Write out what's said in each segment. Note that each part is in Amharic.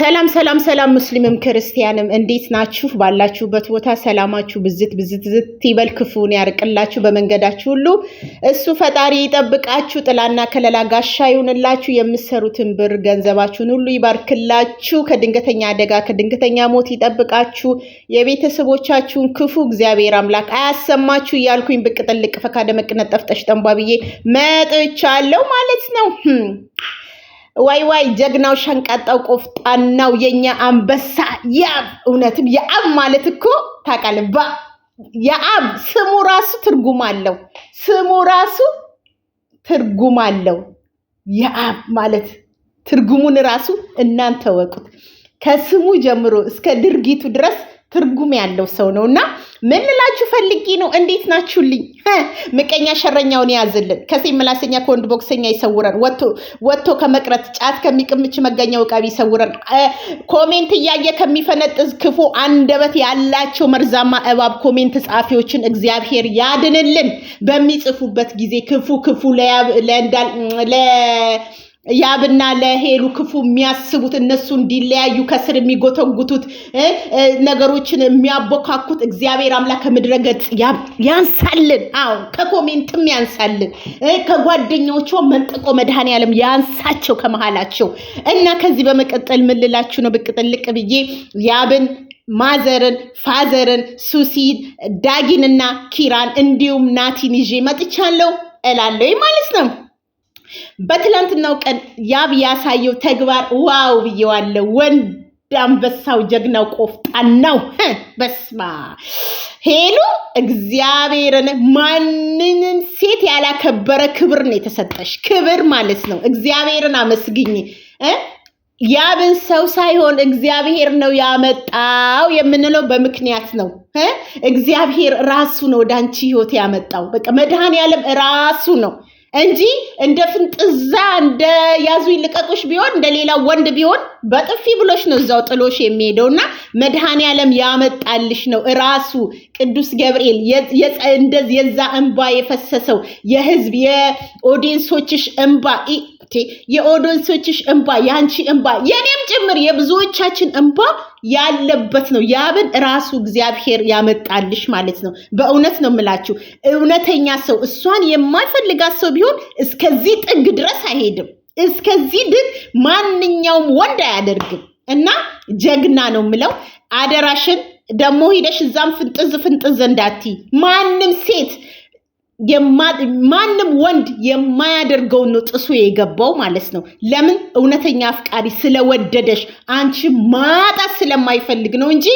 ሰላም ሰላም ሰላም ሙስሊምም ክርስቲያንም እንዴት ናችሁ? ባላችሁበት ቦታ ሰላማችሁ ብዝት ብዝት ዝት ይበል፣ ክፉን ያርቅላችሁ በመንገዳችሁ ሁሉ እሱ ፈጣሪ ይጠብቃችሁ፣ ጥላና ከለላ ጋሻ ይሁንላችሁ፣ የምትሰሩትን ብር ገንዘባችሁን ሁሉ ይባርክላችሁ፣ ከድንገተኛ አደጋ ከድንገተኛ ሞት ይጠብቃችሁ፣ የቤተሰቦቻችሁን ክፉ እግዚአብሔር አምላክ አያሰማችሁ እያልኩኝ ብቅ ጥልቅ ፈካደ ጠፍጠሽ ጠንቧ ብዬ መጥቻለሁ ማለት ነው። ዋይ ዋይ ጀግናው ሸንቀጣው ቆፍጣናው የኛ አንበሳ ያብ። እውነትም የአብ ማለት እኮ ታውቃለህ፣ የአብ ስሙ ራሱ ትርጉም አለው። ስሙ ራሱ ትርጉም አለው። የአብ ማለት ትርጉሙን ራሱ እናንተ ወቁት። ከስሙ ጀምሮ እስከ ድርጊቱ ድረስ ትርጉም ያለው ሰው ነው እና ምን ልላችሁ ፈልጊ ነው። እንዴት ናችሁልኝ? ምቀኛ ሸረኛውን የያዝልን ከሴ መላሰኛ ከወንድ ቦክሰኛ ይሰውረን። ወጥቶ ከመቅረት ጫት ከሚቅምች መገኛ ውቃቢ ይሰውረን። ኮሜንት እያየ ከሚፈነጥዝ ክፉ አንደበት ያላቸው መርዛማ እባብ ኮሜንት ጻፊዎችን እግዚአብሔር ያድንልን። በሚጽፉበት ጊዜ ክፉ ክፉ ለእንዳል ያብና ለሄሉ ክፉ የሚያስቡት እነሱ እንዲለያዩ ከስር የሚጎተጉቱት ነገሮችን የሚያቦካኩት እግዚአብሔር አምላክ ከምድረ ያንሳልን። አዎ ከኮሜንትም ያንሳልን። ከጓደኞቿ መንጠቆ መድኃኔዓለም ያንሳቸው ከመሃላቸው እና ከዚህ በመቀጠል ምልላችሁ ነው? ብቅ ጥልቅ ብዬ ያብን ማዘርን ፋዘርን ሱሲን ዳጊንና ኪራን እንዲሁም ናቲን ይዤ መጥቻለሁ እላለሁ ማለት ነው። በትላንትናው ቀን ያብ ያሳየው ተግባር ዋው ብየዋለሁ። ወንድ አንበሳው፣ ጀግናው፣ ቆፍጣናው በስማ ሄሉ እግዚአብሔርን ማንንም ሴት ያላከበረ ክብር ነው የተሰጠሽ ክብር ማለት ነው። እግዚአብሔርን አመስግኝ እ ያብን ሰው ሳይሆን እግዚአብሔር ነው ያመጣው የምንለው በምክንያት ነው። እግዚአብሔር ራሱ ነው ወደ አንቺ ህይወት ያመጣው። በቃ መድኃኔዓለም ራሱ ነው እንጂ እንደ ፍንጥዛ እንደ ያዙ ይልቀቁሽ ቢሆን እንደ ሌላ ወንድ ቢሆን በጥፊ ብሎሽ ነው እዛው ጥሎሽ የሚሄደው እና መድኃኔ ዓለም ያመጣልሽ ነው ራሱ ቅዱስ ገብርኤል እንደዚህ የዛ እንባ የፈሰሰው የህዝብ የኦዲየንሶችሽ እንባ የኦዶንሶችሽ እንባ የአንቺ እንባ የኔም ጭምር የብዙዎቻችን እንባ ያለበት ነው። ያብን ራሱ እግዚአብሔር ያመጣልሽ ማለት ነው። በእውነት ነው የምላችሁ፣ እውነተኛ ሰው እሷን የማይፈልጋት ሰው ቢሆን እስከዚህ ጥግ ድረስ አይሄድም። እስከዚህ ድግ ማንኛውም ወንድ አያደርግም። እና ጀግና ነው የምለው አደራሽን ደግሞ ሂደሽ እዛም ፍንጥዝ ፍንጥዝ እንዳትይ ማንም ሴት ማንም ወንድ የማያደርገውን ነው ጥሱ የገባው ማለት ነው። ለምን? እውነተኛ አፍቃሪ ስለወደደሽ አንቺ ማጣት ስለማይፈልግ ነው እንጂ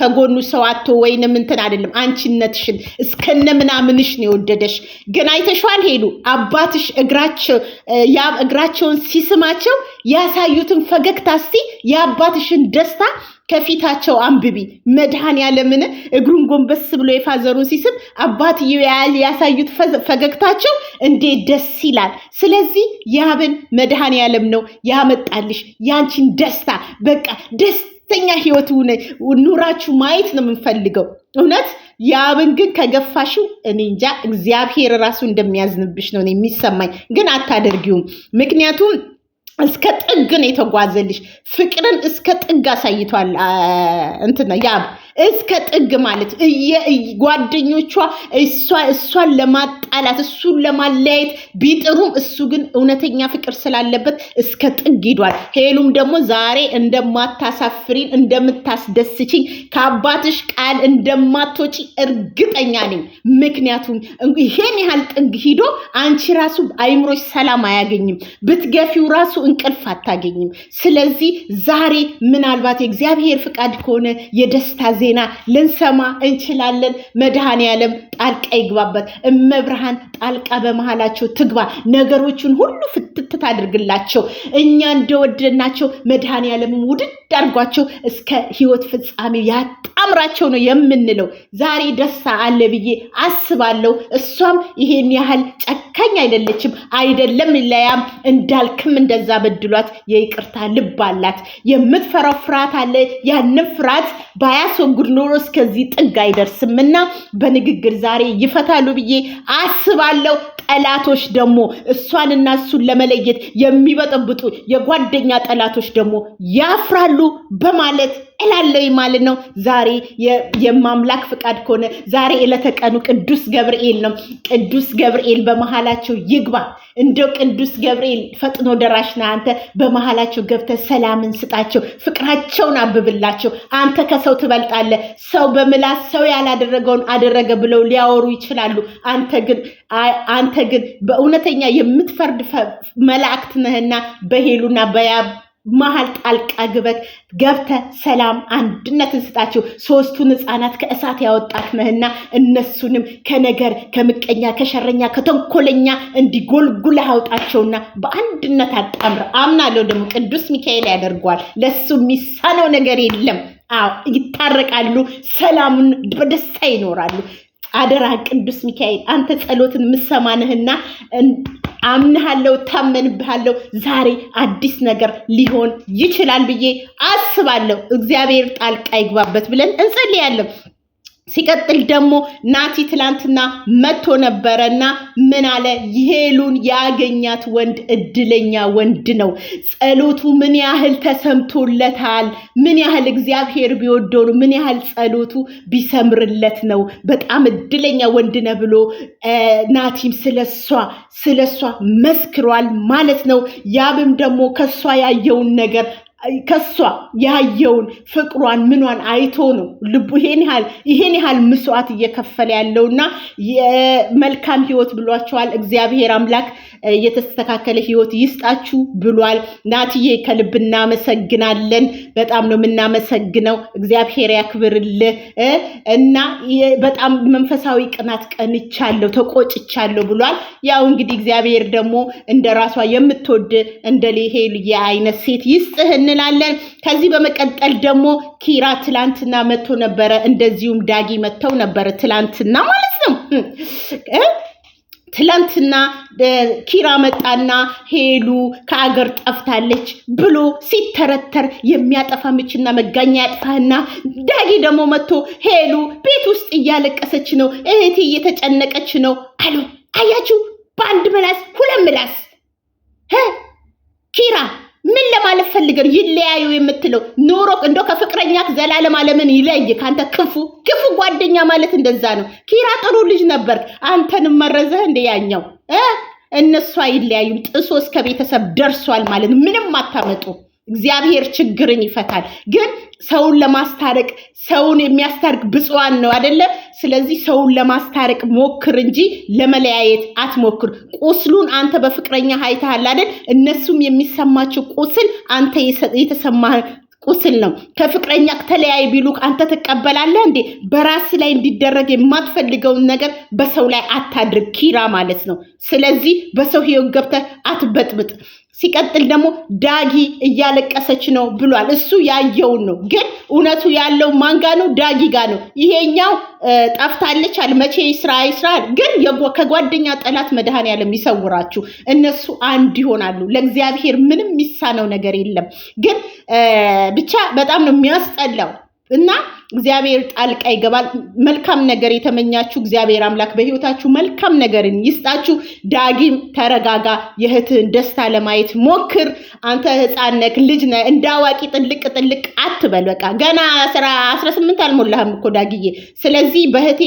ከጎኑ ሰው አቶ ወይንም እንትን አይደለም አንቺነትሽን እስከነ ምናምንሽ ነው የወደደሽ። ግን አይተሽዋል ሄሉ አባትሽ እግራቸው እግራቸውን ሲስማቸው ያሳዩትን ፈገግታ እስቲ የአባትሽን ደስታ ከፊታቸው አንብቢ። መድሃን ያለምን እግሩን ጎንበስ ብሎ የፋዘሩን ሲስም አባትየው ያሳዩት ፈገግታቸው እንዴት ደስ ይላል። ስለዚህ ያብን መድሃን ያለም ነው ያመጣልሽ ያንቺን ደስታ በቃ ደስ ደስተኛ ህይወት ኑራችሁ ማየት ነው የምንፈልገው። እውነት ያብን ግን ከገፋሽው እኔ እንጃ እግዚአብሔር ራሱ እንደሚያዝንብሽ ነው የሚሰማኝ። ግን አታደርጊውም፣ ምክንያቱም እስከ ጥግ ነው የተጓዘልሽ። ፍቅርን እስከ ጥግ አሳይቷል እንትን ነው ያብ እስከ ጥግ ማለት ጓደኞቿ እሷን ለማጣ ቃላት እሱን ለማለያየት ቢጥሩም እሱ ግን እውነተኛ ፍቅር ስላለበት እስከ ጥግ ሂዷል። ሄሉም ደግሞ ዛሬ እንደማታሳፍሪን እንደምታስደስችኝ ከአባትሽ ቃል እንደማትወጪ እርግጠኛ ነኝ። ምክንያቱም ይሄን ያህል ጥግ ሂዶ አንቺ ራሱ አይምሮች ሰላም አያገኝም፣ ብትገፊው ራሱ እንቅልፍ አታገኝም። ስለዚህ ዛሬ ምናልባት የእግዚአብሔር ፍቃድ ከሆነ የደስታ ዜና ልንሰማ እንችላለን። መድኃኔ ጣልቃ ይግባበት እመብርሃን ብርሃን ጣልቃ በመሃላቸው ትግባ። ነገሮችን ሁሉ ፍትት ታድርግላቸው። እኛ እንደወደድናቸው መድሃን ዓለምን ውድድ አድርጓቸው እስከ ህይወት ፍጻሜ ያጣምራቸው ነው የምንለው። ዛሬ ደስታ አለ ብዬ አስባለሁ። እሷም ይሄን ያህል ጨካኝ አይደለችም። አይደለም ለያም እንዳልክም እንደዛ በድሏት የይቅርታ ልብ አላት። የምትፈራው ፍርሃት አለ። ያንን ፍርሃት ባያስወግድ ኖሮ እስከዚህ ጥግ አይደርስም እና በንግግር ዛሬ ይፈታሉ ብዬ አ። አስባለሁ። ጠላቶች ደግሞ እሷንና እሱን ለመለየት የሚበጠብጡ የጓደኛ ጠላቶች ደግሞ ያፍራሉ በማለት እላለሁ ማለት ነው። ዛሬ የማምላክ ፍቃድ ከሆነ ዛሬ እለተቀኑ ቅዱስ ገብርኤል ነው። ቅዱስ ገብርኤል በመሃላቸው ይግባ። እንደ ቅዱስ ገብርኤል ፈጥኖ ደራሽ ነህ አንተ። በመሃላቸው ገብተህ ሰላምን ስጣቸው፣ ፍቅራቸውን አብብላቸው። አንተ ከሰው ትበልጣለህ። ሰው በምላስ ሰው ያላደረገውን አደረገ ብለው ሊያወሩ ይችላሉ። አንተ ግን አንተ ግን በእውነተኛ የምትፈርድ መላእክት ነህና በሄሉና በያብ መሀል ጣልቃ ግበት ገብተ ሰላም አንድነትን ስጣቸው። ሶስቱን ህፃናት ከእሳት ያወጣክምህና እነሱንም ከነገር ከምቀኛ፣ ከሸረኛ፣ ከተንኮለኛ እንዲጎልጉለህ አውጣቸውና በአንድነት አጣምር። አምናለሁ ደግሞ ቅዱስ ሚካኤል ያደርገዋል። ለሱ የሚሳነው ነገር የለም። አዎ ይታረቃሉ። ሰላሙን በደስታ ይኖራሉ። አደራ ቅዱስ ሚካኤል አንተ ጸሎትን ምሰማንህና አምንሃለሁ፣ ታመንብሃለሁ። ዛሬ አዲስ ነገር ሊሆን ይችላል ብዬ አስባለሁ። እግዚአብሔር ጣልቃ ይግባበት ብለን እንጸልያለን። ሲቀጥል ደግሞ ናቲ ትላንትና መጥቶ ነበረና ምን አለ? ሄሉን ያገኛት ወንድ እድለኛ ወንድ ነው። ጸሎቱ ምን ያህል ተሰምቶለታል? ምን ያህል እግዚአብሔር ቢወደው ምን ያህል ጸሎቱ ቢሰምርለት ነው? በጣም እድለኛ ወንድ ነው ብሎ ናቲም ስለሷ ስለሷ መስክሯል ማለት ነው። ያብም ደግሞ ከሷ ያየውን ነገር ከሷ ያየውን ፍቅሯን ምኗን አይቶ ነው ልቡ ይሄን ያህል ይሄን ያህል ምስዋዕት እየከፈለ ያለውና መልካም ህይወት ብሏቸዋል። እግዚአብሔር አምላክ የተስተካከለ ህይወት ይስጣችሁ ብሏል። ናትዬ ከልብ እናመሰግናለን። በጣም ነው የምናመሰግነው። እግዚአብሔር ያክብርልህ እና በጣም መንፈሳዊ ቅናት ቀንቻለሁ፣ ተቆጭቻለሁ ብሏል። ያው እንግዲህ እግዚአብሔር ደግሞ እንደ ራሷ የምትወድ እንደ ሄሉዬ አይነት ሴት ይስጥህን እንላለን። ከዚህ በመቀጠል ደግሞ ኪራ ትላንትና መጥቶ ነበረ፣ እንደዚሁም ዳጊ መጥተው ነበረ ትላንትና ማለት ነው። ትላንትና ኪራ መጣና ሄሉ ከአገር ጠፍታለች ብሎ ሲተረተር የሚያጠፋ ምችና መጋኛ ያጥፋህና፣ ዳጊ ደግሞ መጥቶ ሄሉ ቤት ውስጥ እያለቀሰች ነው፣ እህቴ እየተጨነቀች ነው አሉ። አያችሁ፣ በአንድ ምላስ ሁለት ምላስ ኪራ ምን ለማለት ፈልገን ይለያዩ የምትለው ኑሮ እንዶ ከፍቅረኛ ዘላለም አለምን ይለይ ከአንተ ክፉ ክፉ ጓደኛ ማለት እንደዛ ነው። ኪራ ጥሩ ልጅ ነበር፣ አንተን መረዘህ እንደ ያኛው እነሱ አይለያዩም። ጥሶ እስከ ቤተሰብ ደርሷል ማለት ምንም አታመጡ። እግዚአብሔር ችግርን ይፈታል። ግን ሰውን ለማስታረቅ ሰውን የሚያስታርቅ ብፁዓን ነው አይደለም ስለዚህ ሰውን ለማስታረቅ ሞክር እንጂ ለመለያየት አትሞክር። ቁስሉን አንተ በፍቅረኛ አይተሃል አይደል? እነሱም የሚሰማቸው ቁስል አንተ የተሰማህ ቁስል ነው። ከፍቅረኛ ተለያይ ቢሉክ አንተ ትቀበላለህ እንዴ? በራስ ላይ እንዲደረግ የማትፈልገውን ነገር በሰው ላይ አታድርግ ኪራ ማለት ነው። ስለዚህ በሰው ህይወት ገብተህ አትበጥብጥ። ሲቀጥል ደግሞ ዳጊ እያለቀሰች ነው ብሏል። እሱ ያየውን ነው። ግን እውነቱ ያለው ማንጋ ነው? ዳጊ ጋ ነው። ይሄኛው ጠፍታለች አለ መቼ ይስራ ይስራል። ግን ከጓደኛ ጠላት መድኃኔዓለም ይሰውራችሁ። እነሱ አንድ ይሆናሉ። ለእግዚአብሔር ምንም የሚሳነው ነገር የለም። ግን ብቻ በጣም ነው የሚያስጠላው። እና እግዚአብሔር ጣልቃ ይገባል። መልካም ነገር የተመኛችሁ እግዚአብሔር አምላክ በህይወታችሁ መልካም ነገርን ይስጣችሁ። ዳጊም ተረጋጋ፣ የእህትህን ደስታ ለማየት ሞክር። አንተ ህፃን ነህ፣ ልጅ ነ እንደ አዋቂ ጥልቅ ጥልቅ አትበል። በቃ ገና ስራ አስራ ስምንት አልሞላህም እኮ ዳግዬ ስለዚህ በህቴ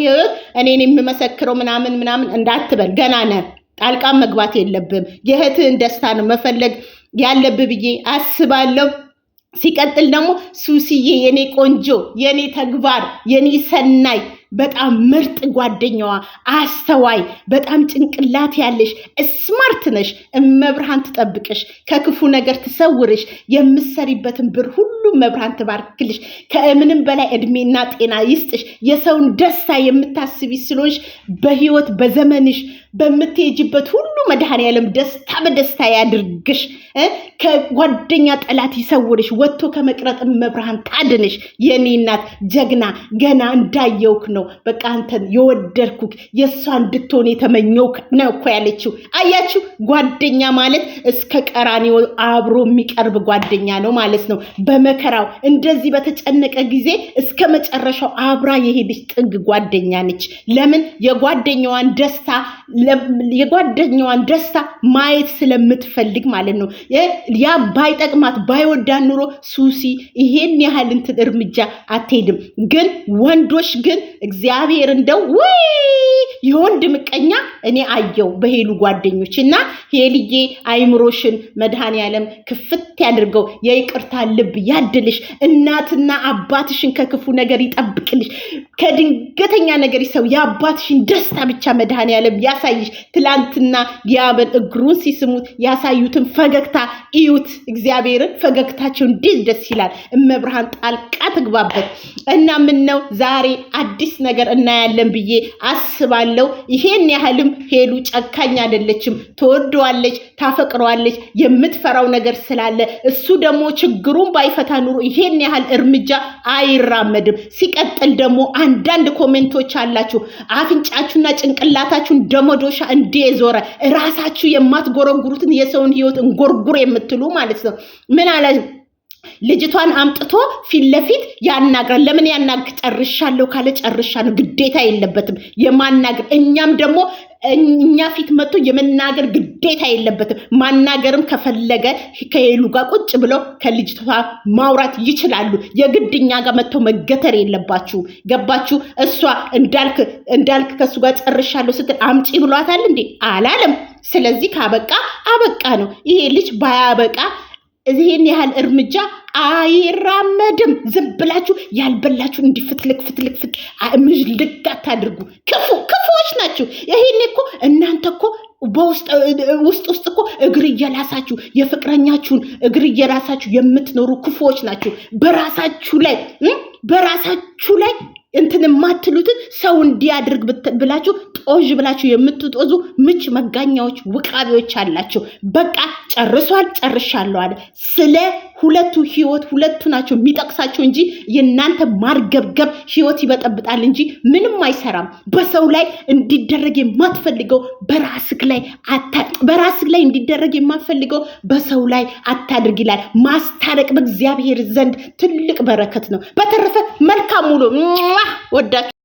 ህይወት እኔን የምመሰክረው ምናምን ምናምን እንዳትበል። ገና ነ ጣልቃ መግባት የለብም። የእህትህን ደስታ ነው መፈለግ ያለብህ ብዬ አስባለሁ። ሲቀጥል ደግሞ ሱስዬ የኔ ቆንጆ የኔ ተግባር የኔ ሰናይ በጣም ምርጥ ጓደኛዋ፣ አስተዋይ፣ በጣም ጭንቅላት ያለሽ ስማርት ነሽ። እመብርሃን ትጠብቅሽ፣ ከክፉ ነገር ትሰውርሽ፣ የምትሰሪበትን ብር ሁሉ መብርሃን ትባርክልሽ። ከምንም በላይ እድሜና ጤና ይስጥሽ። የሰውን ደስታ የምታስቢ ስለሆንሽ በህይወት በዘመንሽ በምትሄጅበት ሁሉ መድኃኔዓለም ደስታ በደስታ ያድርግሽ። ከጓደኛ ጠላት ይሰውርሽ፣ ወጥቶ ከመቅረጥ መብርሃን ታድንሽ። የኔ እናት ጀግና ገና እንዳየውክ ነው ነው በቃ አንተን የወደድኩ የእሷ እንድትሆን የተመኘው ነው እኮ ያለችው። አያችሁ ጓደኛ ማለት እስከ ቀራኒ አብሮ የሚቀርብ ጓደኛ ነው ማለት ነው። በመከራው እንደዚህ በተጨነቀ ጊዜ እስከ መጨረሻው አብራ የሄደች ጥግ ጓደኛ ነች። ለምን የጓደኛዋን ደስታ የጓደኛዋን ደስታ ማየት ስለምትፈልግ ማለት ነው። ያ ባይጠቅማት ባይወዳን ኑሮ ሱሲ ይሄን ያህል እንትን እርምጃ አትሄድም። ግን ወንዶች ግን እግዚአብሔር እንደው ወይ የወንድ ምቀኛ እኔ አየው በሄሉ ጓደኞች እና ሄልዬ አይምሮሽን መድኃኔዓለም ክፍት ያድርገው፣ የይቅርታ ልብ ያድልሽ፣ እናትና አባትሽን ከክፉ ነገር ይጠብቅልሽ፣ ከድንገተኛ ነገር ይሰው፣ የአባትሽን ደስታ ብቻ መድኃኔዓለም ያሳይሽ። ትላንትና ዲያብል እግሩን ሲስሙት ያሳዩትን ፈገግታ እዩት። እግዚአብሔርን ፈገግታቸው እንዴት ደስ ይላል። እመብርሃን ጣልቃ ትግባበት እና ምን ነው ዛሬ አዲስ ነገር እናያለን ብዬ አስባለሁ። ይሄን ያህልም ሄሉ ጨካኝ አይደለችም። ትወደዋለች፣ ታፈቅረዋለች። የምትፈራው ነገር ስላለ እሱ ደግሞ ችግሩን ባይፈታ ኑሮ ይሄን ያህል እርምጃ አይራመድም። ሲቀጥል ደግሞ አንዳንድ ኮሜንቶች አላችሁ አፍንጫችሁና ጭንቅላታችሁን ደሞ መዶሻ እንዴ ዞረ ራሳችሁ የማትጎረጉሩትን የሰውን ህይወት እንጎርጉር የምትሉ ማለት ነው። ምን አለ ልጅቷን አምጥቶ ፊት ለፊት ያናግራል። ለምን ያናግ? ጨርሻለሁ ካለ ጨርሻ ነው፣ ግዴታ የለበትም የማናግር። እኛም ደግሞ እኛ ፊት መጥቶ የመናገር ግዴታ የለበትም። ማናገርም ከፈለገ ከሄሉ ጋር ቁጭ ብለው ከልጅቷ ማውራት ይችላሉ። የግድ እኛ ጋር መጥቶ መገተር የለባችሁ። ገባችሁ? እሷ እንዳልክ እንዳልክ ከእሱ ጋር ጨርሻለሁ ስትል አምጪ ብሏታል እንዴ? አላለም። ስለዚህ ካበቃ አበቃ ነው። ይሄ ልጅ ባያበቃ እዚህን ያህል እርምጃ አይራመድም። ዝም ብላችሁ ያልበላችሁ እንዲህ ፍትልክ ፍትልክ ፍት ልግ አታድርጉ። ክፉ ክፉዎች ናችሁ። ይህን እኮ እናንተ እኮ ውስጥ ውስጥ እኮ እግር እየላሳችሁ የፍቅረኛችሁን እግር እየላሳችሁ የምትኖሩ ክፉዎች ናችሁ። በራሳችሁ ላይ በራሳችሁ ላይ እንትን የማትሉትን ሰው እንዲያድርግ ብላችሁ ጦዥ ብላችሁ የምትጦዙ ምች መጋኛዎች፣ ውቃቢዎች አላችሁ። በቃ ጨርሷል፣ ጨርሻለዋል ስለ ሁለቱ ህይወት ሁለቱ ናቸው የሚጠቅሳቸው እንጂ የእናንተ ማርገብገብ ህይወት ይበጠብጣል እንጂ ምንም አይሰራም። በሰው ላይ እንዲደረግ የማትፈልገው በራስክ ላይ በራስክ ላይ እንዲደረግ የማትፈልገው በሰው ላይ አታድርግ ይላል። ማስታረቅ በእግዚአብሔር ዘንድ ትልቅ በረከት ነው። በተረፈ መልካም ውሎ ወዳችሁ